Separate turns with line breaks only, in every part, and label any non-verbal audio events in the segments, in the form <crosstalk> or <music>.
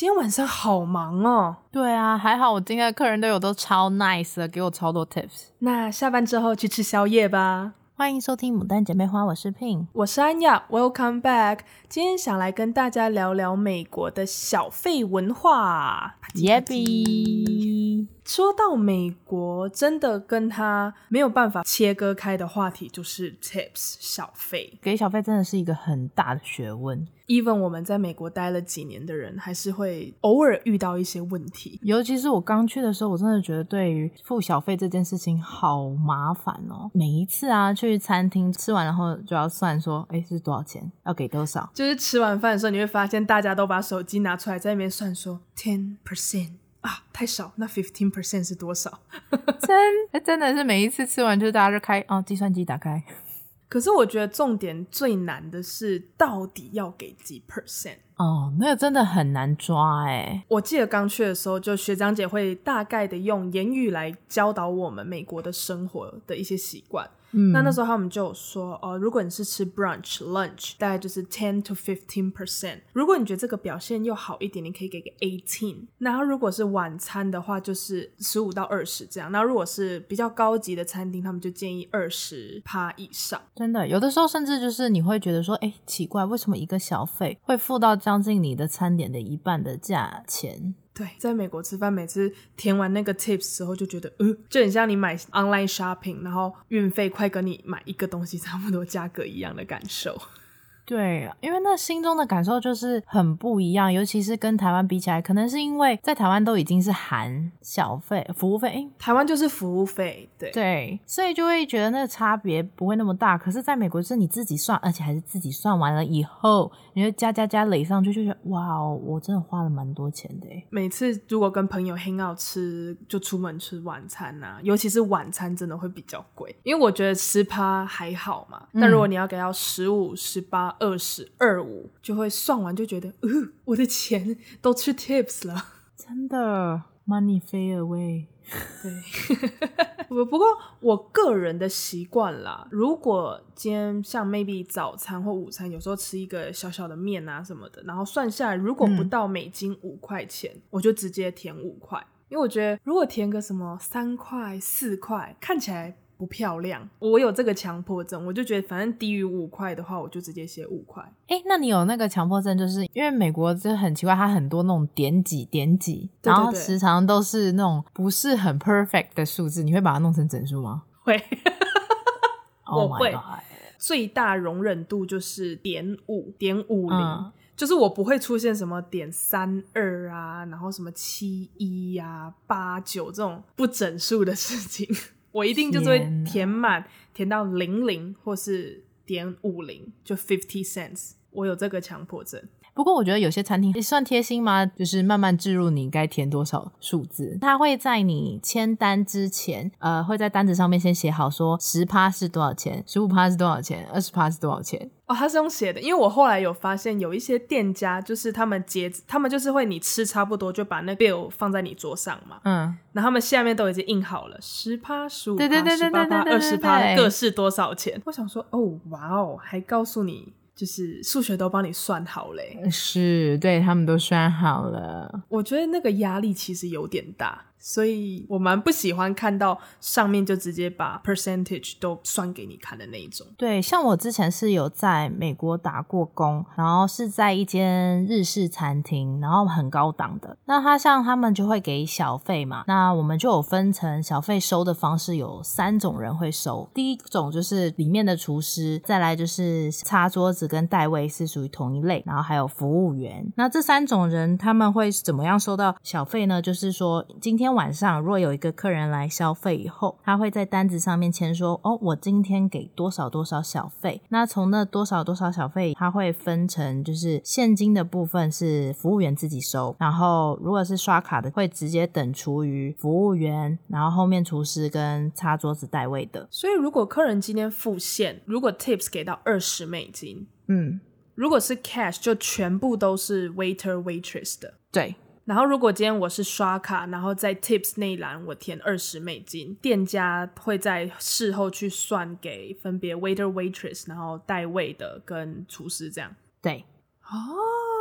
今天晚上好忙哦。
對啊，還好我今天的客人都有都超 nice 的，給我超多 tips。
那下班之後去吃宵夜吧。歡迎收聽《母單姊妹花》，我是 Pin，我是安雅。Welcome back，今天想來跟大家聊聊美國的小費文化。耶比 ab <laughs> 說到美國，真的跟他沒有辦法切割開的話題就是 tips 小費，給
小費真的是一個很大的學問。
Even 我們在美國待了幾年的人，還是會偶爾遇到一些問題。
尤其是我剛去的時候，我真的覺得對於付小費這件事情好麻煩哦。每一次啊，去餐廳吃完然後就要算說，哎，是多少錢，要給多少。就
是吃完飯的時候，你會發現大家都把手機拿出來在那邊算說 ten percent。啊，太少！那 fifteen percent 是多少？ <laughs> 真、啊、真的是每一次吃完就大家就開啊、哦，計算機打開。可是我覺得重點最難的是到底要給幾 percent？
哦，那個、真的很難抓欸。
我記得剛去的時候，就學長姐會大概的用言語來教導我們美國的生活的一些習慣。嗯，那那時候他們就說，呃、哦，如果你是吃 brunch lunch，大概就是 ten to fifteen percent。如果你覺得這個表現又好一點，你可以給個 eighteen。然後如果是晚餐的話，就是十五到二十這樣。那如果是比較高級的餐廳，他們就建議二十趴以上。
真的，有的時候甚至就是你會覺得說，哎，奇怪，為什麼一個小費會付到將近你的餐點的一半的價錢？
對，在美國吃飯，每次填完那個 tips 時候，就覺得，呃、嗯，就很像你買 online shopping，然後運費快跟你買一個東西差不多價格一樣的感受。
對，因為那心中的感受就是很不一樣，尤其是跟台灣比起來，可能是因為在台灣都已經是含小費、服務費，台灣就是服務
費，對對，
所以就會覺得那個差別不會那麼大。可是，在美國是你自己算，而且還是自己算完了以後，你就加加加累上去，就覺得哇，我真的花了蠻多錢的。
每次如果跟朋友 hang out 吃，就出門吃晚餐啊，尤其是晚餐真的會比較貴，因為我覺得十趴還好嘛，嗯、但如果你要給到十五、十八。二十二五就會算完就覺得，哦、呃，我的錢都吃 tips 了，
真的，money fade away。
<laughs> 對，不 <laughs> 不過我個人的習慣啦，如果今天像 maybe 早餐或午餐，有時候吃一個小小的麵啊什麼的，然後算下來如果不到美金五塊錢，嗯、我就直接填五塊，因為我覺得如果填個什麼三塊四塊，看起來。不漂亮，我有這個強迫症，我就覺得反正低於五塊的話，我就直接寫五塊。
哎、欸，那你有那個強迫症，就是因為美國就很奇怪，它很多那種點幾點幾，對對對然後時常都是那種不是很 perfect 的數字，你會把它弄成整數嗎？
會， <laughs> oh、我會最大容忍度就是點五點五零，嗯、就是我不會出現什麼點三二啊，然後什麼七一啊，八九這種不整數的事情。我一定就是會填滿，哪填到零零或是點五零，50, 就 fifty cents。我有這個強迫症。
不過我覺得有些餐廳你算貼心嗎？就是慢慢置入你該填多少數字，他會在你簽單之前，呃，會在單子上面先寫好說十趴是多少錢，十五趴是多少錢，二十趴是多少錢。
哦，他是用寫的，因為我後來有發現有一些店家就是他們接，他們就是會你吃差不多就把那個 bill 放在你桌上嘛，嗯，然後他們下面都已經印好了十趴、十五趴、二十趴各是多少錢。對對對對，我想說，哦，哇哦，還告訴你。就是數學都幫你算好嘞，
是，對，他們都算好了。
我覺得那個壓力其實有點大。所以我蠻不喜歡看到上面就直接把 percentage 都算給你看的那一種。
對，像我之前是有在美國打過工，然後是在一間日式餐廳，然後很高檔的。那他像他們就會給小費嘛，那我們就有分成小費收的方式有三種人會收。第一種就是裡面的廚師，再來就是擦桌子跟帶位是屬於同一類，然後還有服務員。那這三種人他們會怎麼樣收到小費呢？就是說今天。晚上，如果有一個客人來消費以後，他會在單子上面簽說：“哦，我今天給多少多少小費。”那從那多少多少小費，他會分成，就是現金的部分是服務員自己收，然後如果是刷卡的，會直接等於服務員，然後後面廚師跟擦桌子帶位的。
所以，如果客人今天付現，如果 Tips 給到二十美金，嗯，如果是 Cash 就全部都是 Waiter Waitress 的，對。然後，如果今天我是刷卡，然後在 Tips 那一欄我填二十美金，店家會在事後去算給分別 waiter waitress，然後帶位的跟廚師這樣。對，哦。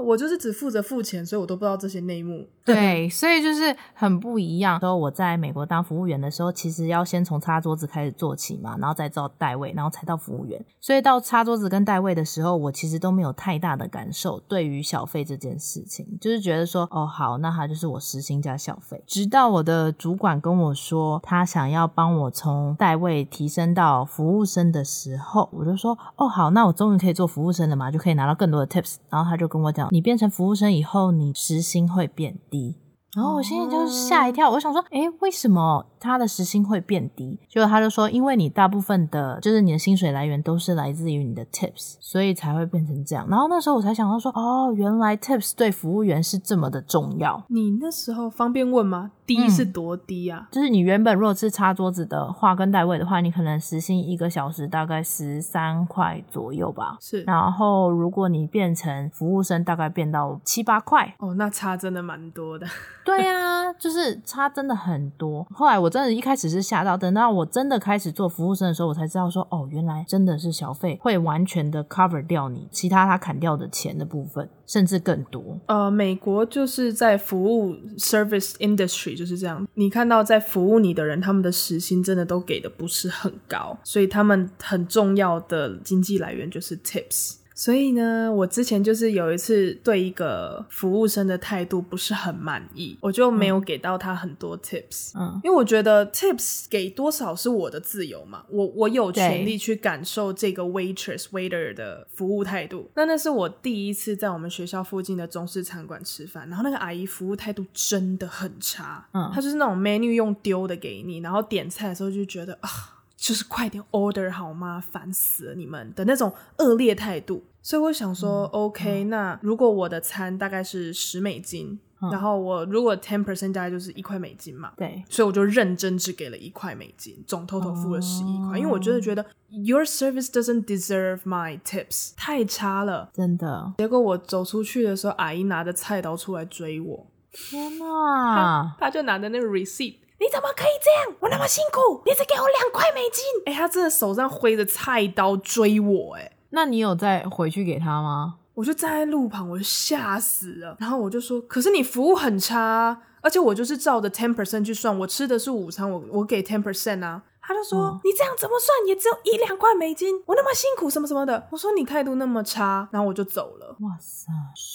我就是只負責付錢，所以我都不知道這些內幕。對，
對，所以就是很不一樣。說我在美國當服務員的時候，其實要先從擦桌子開始做起嘛，然後再到帶位，然後才到服務員。所以到擦桌子跟帶位的時候，我其實都沒有太大的感受對於小費這件事情，就是覺得說，哦，好，那他就是我時薪加小費。直到我的主管跟我說他想要幫我從帶位提升到服務生的時候，我就說，哦，好，那我終於可以做服務生了嘛，就可以拿到更多的 tips。然後他就跟我講。你變成服務生以後，你時薪會變低。然後我現在就是嚇一跳，我想說，哎、欸，為什麼他的時薪會變低？結果他就說，因為你大部分的，就是你的薪水來源都是來自於你的 tips，所以才會變成這樣。然後那時候我才想到說，哦，原來 tips 對服務員是這麼的重要。
你那時候方便問嗎？低是多低啊？
嗯，就是你原本如果是擦桌子的話，跟帶位的話，你可能時薪一個小時大概十三塊左右吧。是，然後如果你變成服務生，大概變到七八塊。哦，那
差真的蠻多的。
<laughs> 對啊，就是差真的很多。後來我真的一開始是嚇到燈，等到我真的開始做服務生的時候，我才知道說，哦，原來真的是小費會完全的 cover 掉你其他他砍掉的錢的部分。甚至更多。
呃，美國就是在服務 service industry 就是這樣，你看到在服務你的人，他們的時薪真的都給的不是很高，所以他們很重要的經濟來源就是 tips。所以呢，我之前就是有一次對一個服務生的態度不是很滿意，我就沒有給到他很多 tips，嗯，因為我覺得 tips 給多少是我的自由嘛，我我有權利去感受這個 waitress waiter 的服務態度。對那那是我第一次在我們學校附近的中式餐館吃飯，然後那個阿姨服務態度真的很差，嗯，她就是那種 menu 用丟的給你，然後點菜的時候就覺得啊，就是快點 order 好嗎？煩死了，你們的那種惡劣態度。所以我想說，OK，那如果我的餐大概是十美金，嗯、然後我如果 ten percent 大概就是一塊美金嘛，對，所以我就認真只給了一塊美金，總偷偷付了十一塊，哦、因為我真的覺得 your service doesn't deserve my tips 太差了，真的。結果我走出去的時候，阿姨拿着菜刀出來追我，天吶、啊！她就拿着那個 receipt，你怎麼可以這樣？我那麼辛苦，你只給我兩塊美金？哎、欸，她真的手上揮着菜刀追我，哎。那你有再回去給他嗎？我就站在路旁，我就嚇死了。然後我就說：“可是你服務很差啊，而且我就是照着 ten percent 去算，我吃的是午餐，我我給 ten percent 啊。”他就說：“嗯、你這樣怎麼算？也只有一兩塊美金，我那麼辛苦什麼什麼的。”我說：“你態度那麼差，然後我就走了。”哇塞，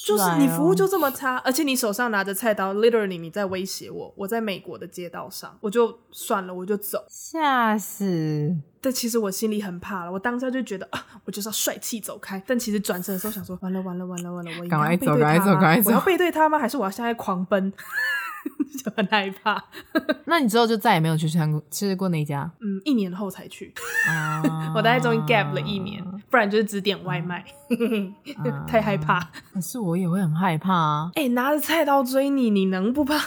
就是你服務就這麼差，哦、而且你手上拿着菜刀，literally 你在威脅我。我在美國的街道上，我就算了，我就走。嚇死次！但其實我心裡很怕了，我當下就覺得啊、呃，我就是要帥氣走開。但其實轉身的時候想說，完了完了完了完了，我背對他、啊、趕快走開走趕快走，我要背對他嗎？還是我要現在狂奔？ <laughs> <laughs> 就很害怕， <laughs> 那你之後就再也沒有去吃過，吃過那家？嗯，一年後才去， <laughs> 我大概終於 gap 了一年，不然就是只點外賣， <laughs> 太害怕，嗯嗯。可是我也會很害怕啊！欸，拿着菜刀追你，你能不怕嗎？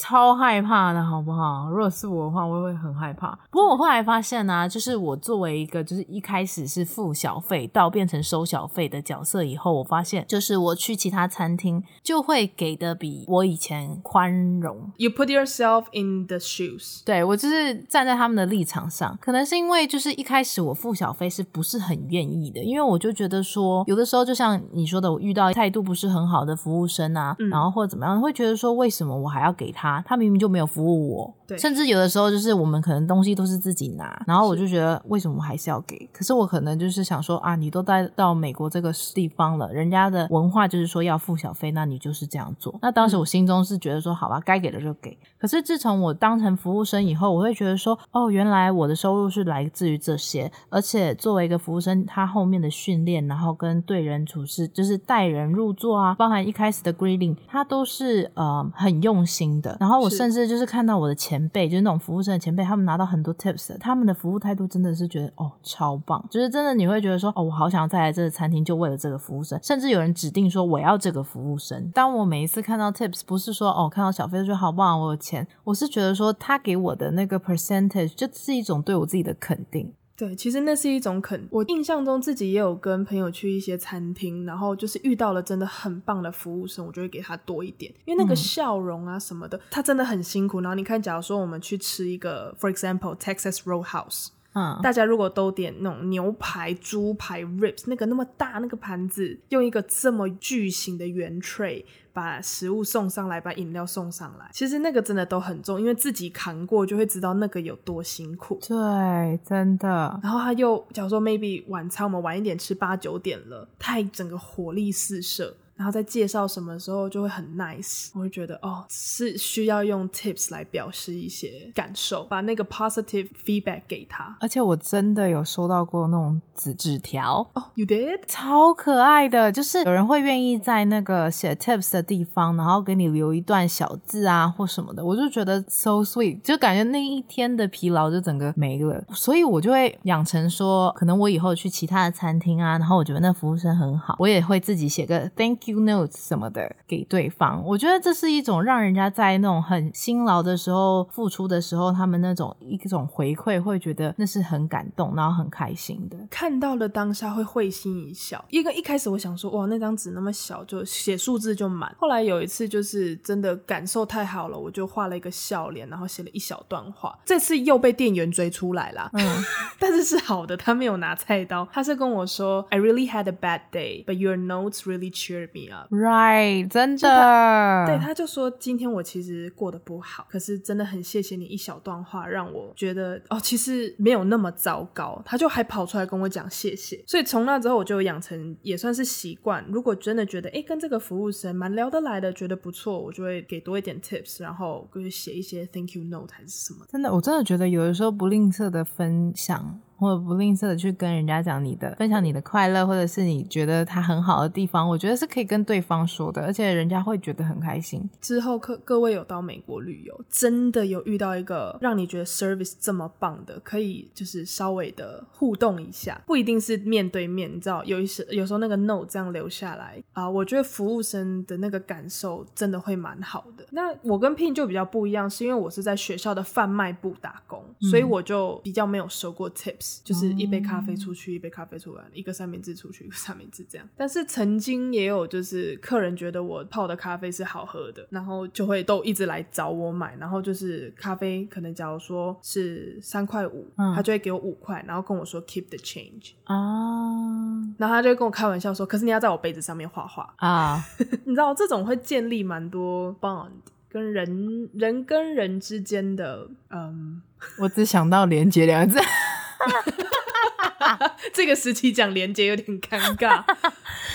超害怕的，好不好？如果是我的話，我也會很
害怕。不過我後來發現呢、啊，就是我作為一個就是一開始是付小費到變成收小費的角色以後，我發現就是我去其他餐廳就會給的比我以前寬容。
You put yourself in the shoes 對。對，我就是
站在他們的立場上，可能是因為就是一開始我付小費是不是很願意的，因為我就覺得說有的時候就像你說的，我遇到態度不是很好的服務生啊，嗯、然後或者怎麼樣，會覺得說為什麼我還要給他？他明明就沒有服務我。甚至有的時候就是我們可能東西都是自己拿，然後我就覺得為什麼我還是要給？是可是我可能就是想說啊，你都帶到美國這個地方了，人家的文化就是說要付小費，那你就是這樣做。那當時我心中是覺得說好吧，該給的就給。可是自從我當成服務生以後，我會覺得說哦，原來我的收入是來自於這些，而且作為一個服務生，他後面的訓練，然後跟對人處事，就是帶人入座啊，包含一開始的 greeting，他都是呃很用心的。然後我甚至就是看到我的前面，前輩就是那種服務生的前輩，他們拿到很多 tips，他們的服務態度真的是覺得哦超棒，就是真的你會覺得說哦，我好想要再來這個餐廳，就為了這個服務生，甚至有人指定說我要這個服務生。當我每一次看到 tips，不是說哦看到小費說好棒，啊，我有錢，我是覺得說他給我的那個 percentage，這是一種對我自己的肯定。
對，其實那是一種肯。我印象中自己也有跟朋友去一些餐廳，然後就是遇到了真的很棒的服務生，我就會給他多一點，因為那個笑容啊什麼的，他真的很辛苦。然後你看，假如說我們去吃一個，for example, Texas Roadhouse。嗯，大家如果都點那種牛排、豬排、ribs 那個那麼大那個盤子，用一個這麼巨型的圓 tray 把食物送上來，把飲料送上來，其實那個真的都很重，因為自己扛過就會知道那個有多辛苦。對，
真的。
然後他又，假如說 maybe 晚餐我們晚一點吃八九點了，太整個火力四射。然後在介紹什麼時候就會很 nice，我會覺得哦，是需要用 tips 來表示一些感受，把那個 positive feedback 給他。
而且我真的有收到過那種紙紙條哦，you did，超可愛的，就是有人會願意在那個寫 tips 的地方，然後給你留一段小字啊或什麼的，我就覺得 so sweet，就感覺那一天的疲勞就整個沒了。所以我就會養成說，可能我以後去其他的餐廳啊，然後我覺得那服務生很好，我也會自己寫個 thank you。notes 什麼的給對方，我覺得這是一種讓人家在那種很辛勞的時候、付出的時候，他們那種一種回饋，會覺得那是很感動，然後很開心的，
看到了當下會會心一笑。因為一開始我想說，哇，那張紙那麼小，就寫數字就滿。後來有一次，就是真的感受太好了，我就畫了一個笑臉，然後寫了一小段話。這次又被店員追出來啦。嗯， <laughs> 但是是好的，他沒有拿菜刀，他是跟我說，I really had a bad day, but your notes really cheered me. Right，真的對。對，他就說今天我其實過得不好，可是真的很謝謝你一小段話，讓我覺得哦，其實沒有那麼糟糕。他就還跑出來跟我講謝謝，所以從那之後我就養成也算是習慣，如果真的覺得欸，跟這個服務生蠻聊得來的，覺得不錯，我就會給多一點 tips，然後就去寫一些 thank you note 還是什麼。
真的，我真的覺得有的時候不吝嗇的分享。或者不吝嗇的去跟人家講你的分享，你的快樂，或者是你覺得他很好的地方，我覺得是可以跟對方說的，而且人家會覺得很開心。
之後各各位有到美國旅遊，真的有遇到一個讓你覺得 service 這麼棒的，可以就是稍微的互動一下，不一定是面對面，你知道有一些有時候那個 note 這樣留下來啊，我覺得服務生的那個感受真的會蠻好的。那我跟 Pin 就比較不一樣，是因為我是在學校的販賣部打工，嗯、所以我就比較沒有收過 tips。就是一杯咖啡出去，嗯、一杯咖啡出來，一個三明治出去，一個三明治這樣。但是曾經也有就是客人覺得我泡我的咖啡是好喝的，然後就會都一直來找我買。然後就是咖啡可能假如說是三塊五，他就會給我五塊，然後跟我說 keep the change 哦、嗯，然後他就跟我開玩笑說，可是你要在我杯子上面畫畫啊。 <laughs> 你知道這種會建立蠻多 bond，跟人人跟人之間的嗯，
我只想到連接兩個字。 <laughs>
<laughs> 這個時期講連結有點尷尬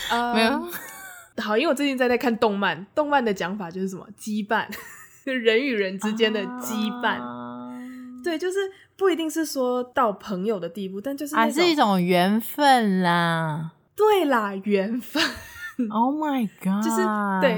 ，uh, 沒有、啊、好，因為我最近在在看動漫，動漫的講法就是什麼羈絆，人與人之間的羈絆，啊、對，就是不一定是說到朋友的地步，但就是還、啊、是一種
緣分啦，
對啦，緣分。Oh my god！就是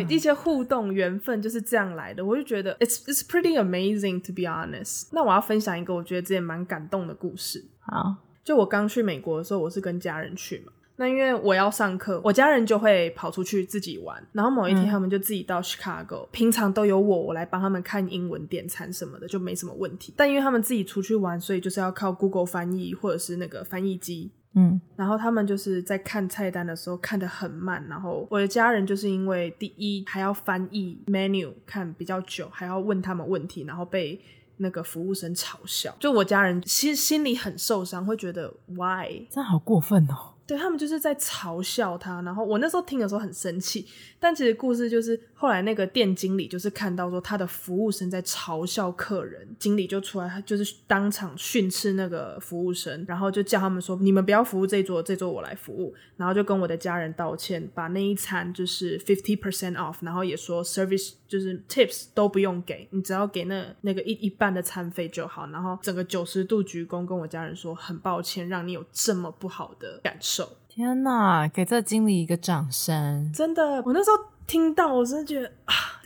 對一些互動緣分，就是這樣來的，我就覺得 it's it's pretty amazing to be honest。那我要分享一個我覺得之前蠻感動的故事。好，就我剛去美國的時候，我是跟家人去嘛。那因為我要上課，我家人就會跑出去自己玩。然後某一天他們就自己到 Chicago，嗯、平常都有我我來幫他們看英文點餐什麼的，就沒什麼問題。但因為他們自己出去玩，所以就是要靠 Google 翻譯或者是那個翻譯機。嗯，然後他們就是在看菜單的時候看得很慢，然後我的家人就是因為第一還要翻譯 menu 看比較久，還要問他們問題，然後被那個服務生嘲笑，就我家人心心裡很受傷，會覺得 why，真好
過分哦。
對，他們就是在嘲笑他，然後我那時候聽的時候很生氣，但其實故事就是後來那個店經理就是看到說他的服務生在嘲笑客人，經理就出來就是當場訓斥那個服務生，然後就叫他們說，你們不要服務這桌，這桌我來服務，然後就跟我的家人道歉，把那一餐就是 fifty percent off，然後也說 service 就是 tips 都不用給，你只要給那那個一一半的餐費就好，然後整個九十度鞠躬跟我家人說，很抱歉，讓你有這麼不好的感受。天吶，給這經理一個掌聲！真的，我那時候聽到，我真的覺得。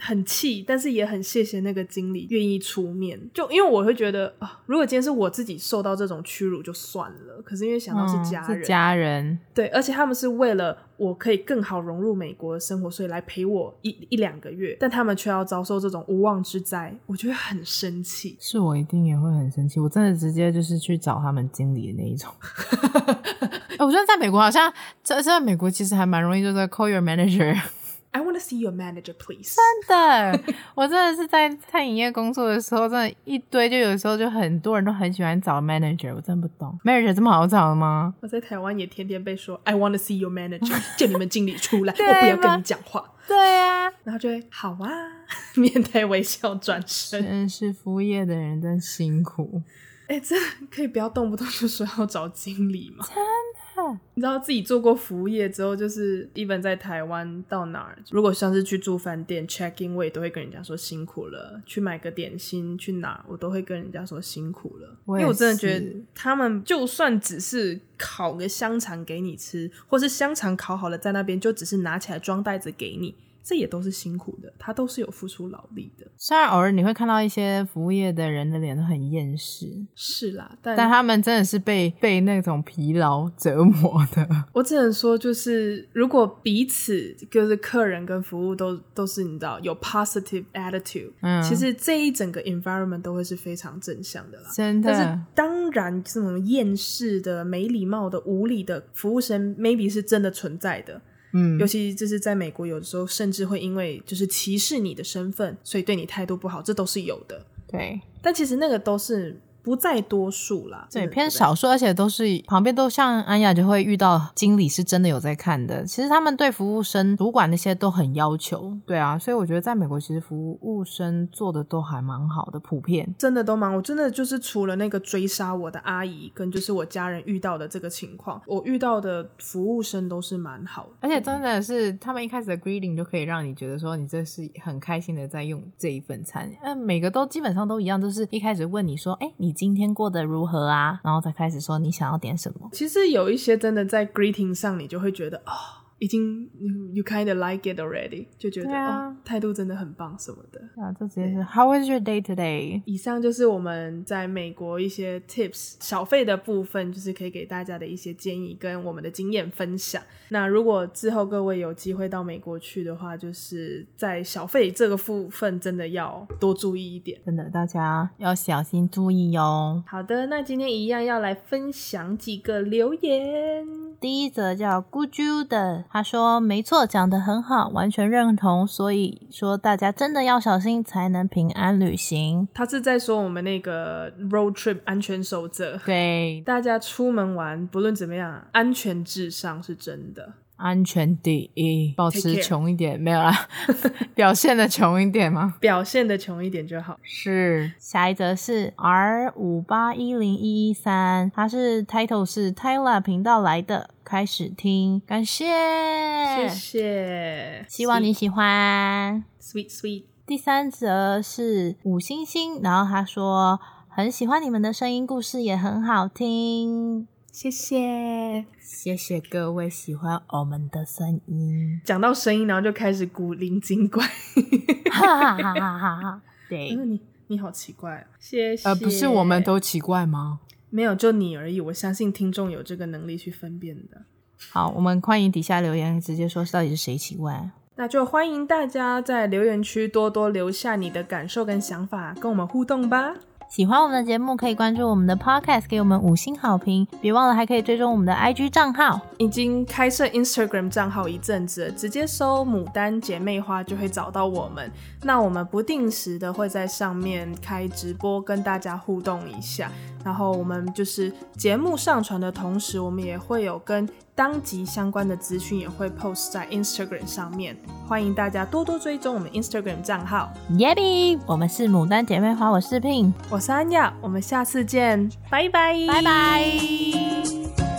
很氣，但是也很謝謝那個經理願意出面。就因為我會覺得，啊，如果今天是我自己受到這種屈辱，就算了。可是因為想到是家人，嗯、是家人，對，而且他們是為了我可以更好融入美國的生活，所以來陪我一一兩個月，但他們卻要遭受這種無妄之災，我覺得很生氣。
是我一定也會很生氣，我真的直接就是去找他們經理的那一種。
<laughs> 欸、我覺得在，在美國好像在
現在美國其實還蠻容易，就是 call your manager。
I wanna to see your manager, please。真
的，我真的是在餐飲業工作的時候，真的，一堆就有時候就很多人都很喜歡找 manager，我真的不懂 manager 這麼好找的嗎？
我在台灣也天天被說 I wanna to see your manager， <laughs> 叫你們經理出來，嗎我不要跟你講話。對呀、啊，然後就會好啊， <laughs> 面帶微笑轉身。真是服務業的人真辛苦。哎、欸，這可以不要動不動就說要找經理嗎？真的嗯，你知道自己做過服務業之後，就是一般在台灣到哪，如果像是去住飯店 check in，我也都會跟人家說辛苦了。去買個點心去哪，我都會跟人家說辛苦了。因為我真的覺得他們就算只是烤個香腸給你吃，或是香腸烤好了在那邊就只是拿起來裝袋子給你。這也都是辛苦的，他都是有付出勞力的。
雖然偶爾你會看到一些服務業的人的臉都很厭世，
是啦，但但他們真的
是被被那種疲勞折磨的。
我只能說，就是如果彼此就是客人跟服務都都是你知道有 positive attitude，嗯，其實這一整個 environment 都會是非常正向的啦。真的，但是當然這種厭世的、沒禮貌的、無禮的服務生 maybe 是真的存在的。嗯，尤其就是在美國，有的時候甚至會因為就是歧視你的身份，所以對你態度不好，這都是有的。對，但其實那個都是，不在多數啦，對，偏少
數，而且都是旁邊都像安雅就會遇到經理是真的有在看的。其實他們對服務生、主管那些都很要求，對啊，所以我覺得在美國其實服務生做的都還蠻好的，普遍
真的都蠻。我真的就是除了那個追殺我的阿姨跟就是我家人遇到的這個情況，我遇到的服務生都是蠻好的，
而且真的是他們一開始的 greeting 就可以讓你覺得說你這是很開心的在用這一份餐。嗯，每個都基本上都一樣，就是一開始問你說，哎你。今天過得如何啊？然後再開始說你想要點什麼？
其實有一些真的在 greeting 上，你就會覺得哦。已經 you kind of like it already，就覺得、啊、哦態度真的很棒什麼的啊，這直接是對 How is your day today？以上就是我們在美國一些 tips 小費的部分，就是可以給大家的一些建議跟我們的經驗分享。那如果之後各位有機會到美國去的話，就是在小費這個部分真的要多注意一點，
真的大家要小心注意喲、
哦。好的，那今天一樣要來分享幾個留
言，第一則叫 Good Jud。他說：“沒錯，講得很好，完全認同。所以說，大家真的要小心，才能平安旅行。”
他是在說我們那個 road trip 安全守則。對，大家出門玩，不論怎麼樣，安全至上是真的。
安全第一，保持窮一點 Take care. 沒有啦、啊，表現得窮一點嘛？
表現得窮一點就好。
是，
下一則是 R 五八一
零一一三，它是 title 是 Taylor 頻道來的，開始聽，感謝，謝謝，希望你喜歡。Sweet. Sweet, sweet. 第三則是五星星，然後他說很喜歡你們的聲音，故
事也很好聽。謝謝，
謝謝各位喜歡我們的聲音。
講到聲音，然後就開始古靈精怪，哈哈哈哈哈哈！對，因為、嗯、你你好奇怪啊，謝謝。呃，不是我們
都奇怪嗎？
沒有，就你而已。我相信聽眾有這個能力去分辨的。
好，我們歡迎底下留言，直接說到底是誰奇怪。
那就歡迎大家在留言區多多留下你的感受跟想法，跟我們互動吧。喜歡我們的節目，可以關注我們的 Podcast，給我們五星好評。別忘了，還可以追蹤我們的 IG 賬號，已經開設 Instagram 賬號一陣子了，直接搜“母單姊妹花”就會找到我們。那我們不定時的會在上面開直播，跟大家互動一下。然後我們就是節目上傳的同時，我們也會有跟當集相關的資訊也會 post 在 Instagram 上面，歡迎大家多多追蹤我們 Instagram 賬號。耶比，我們是母單姊妹花，我是 Pin，我是，我是安雅，我們下次見，拜拜 bye，拜拜。